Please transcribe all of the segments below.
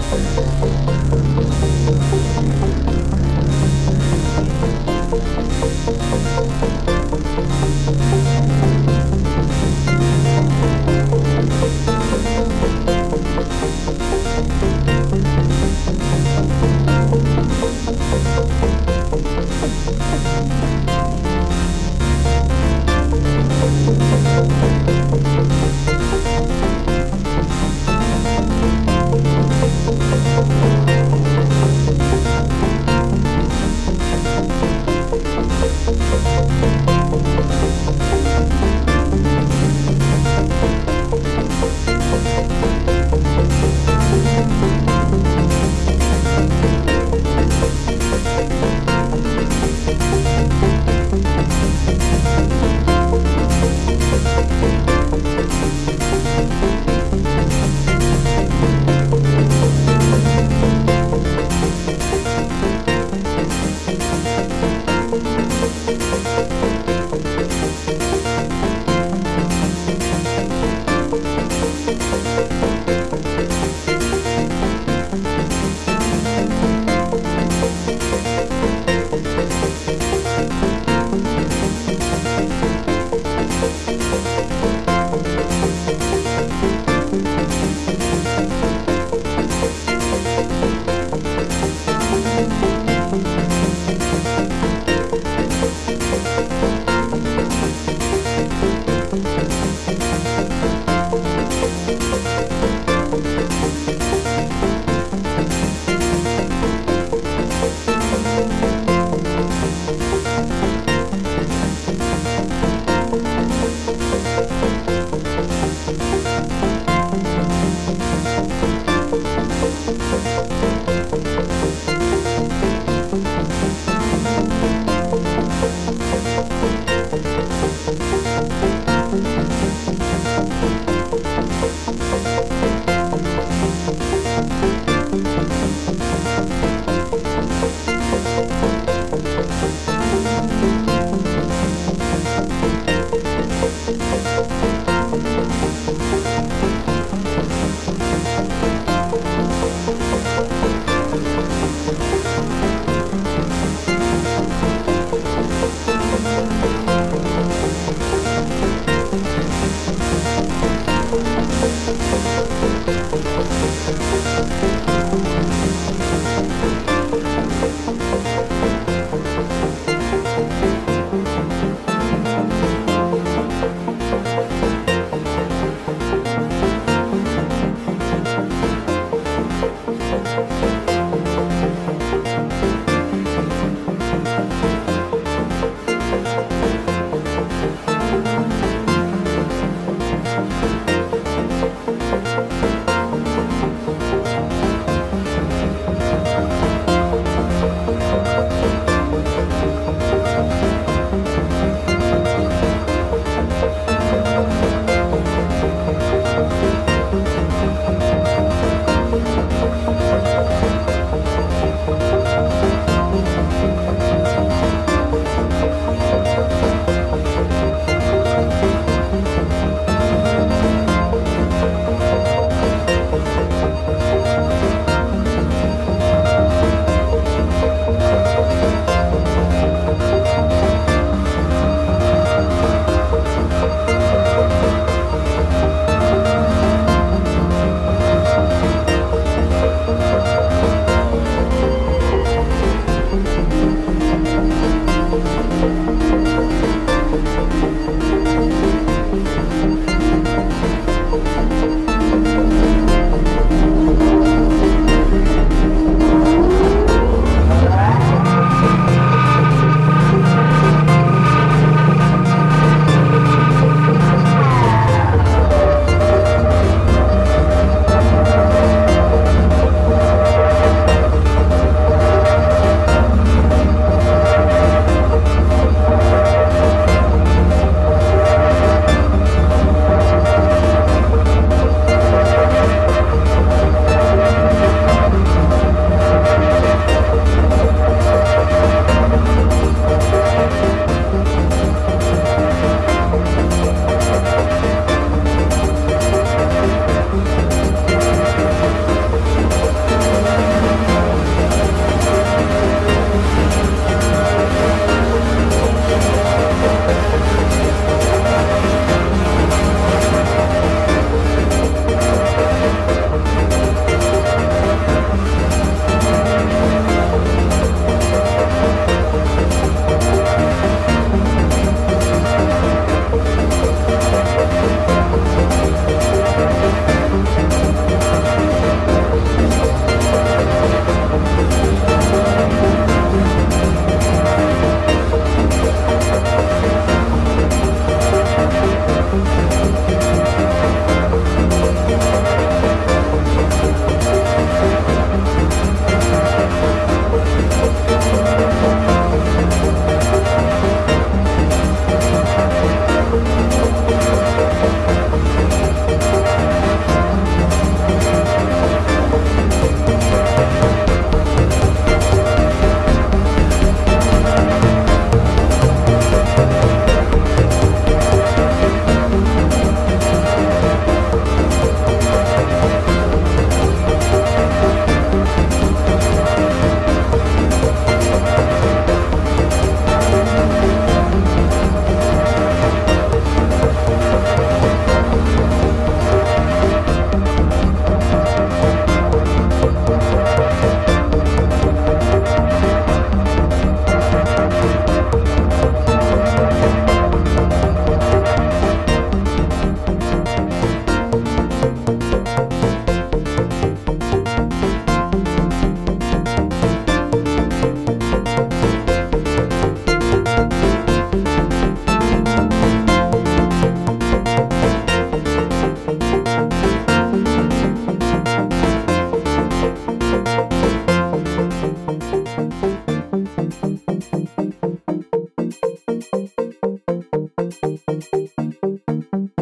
Thank you.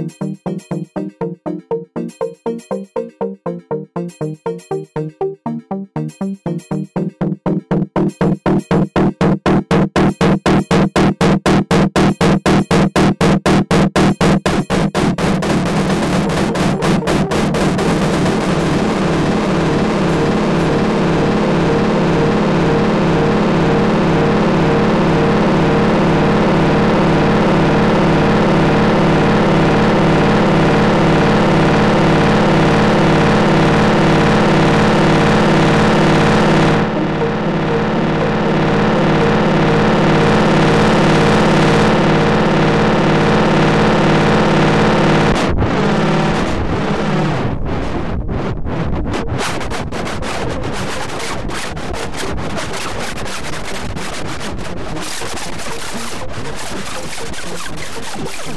thank you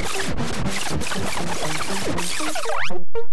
よかった。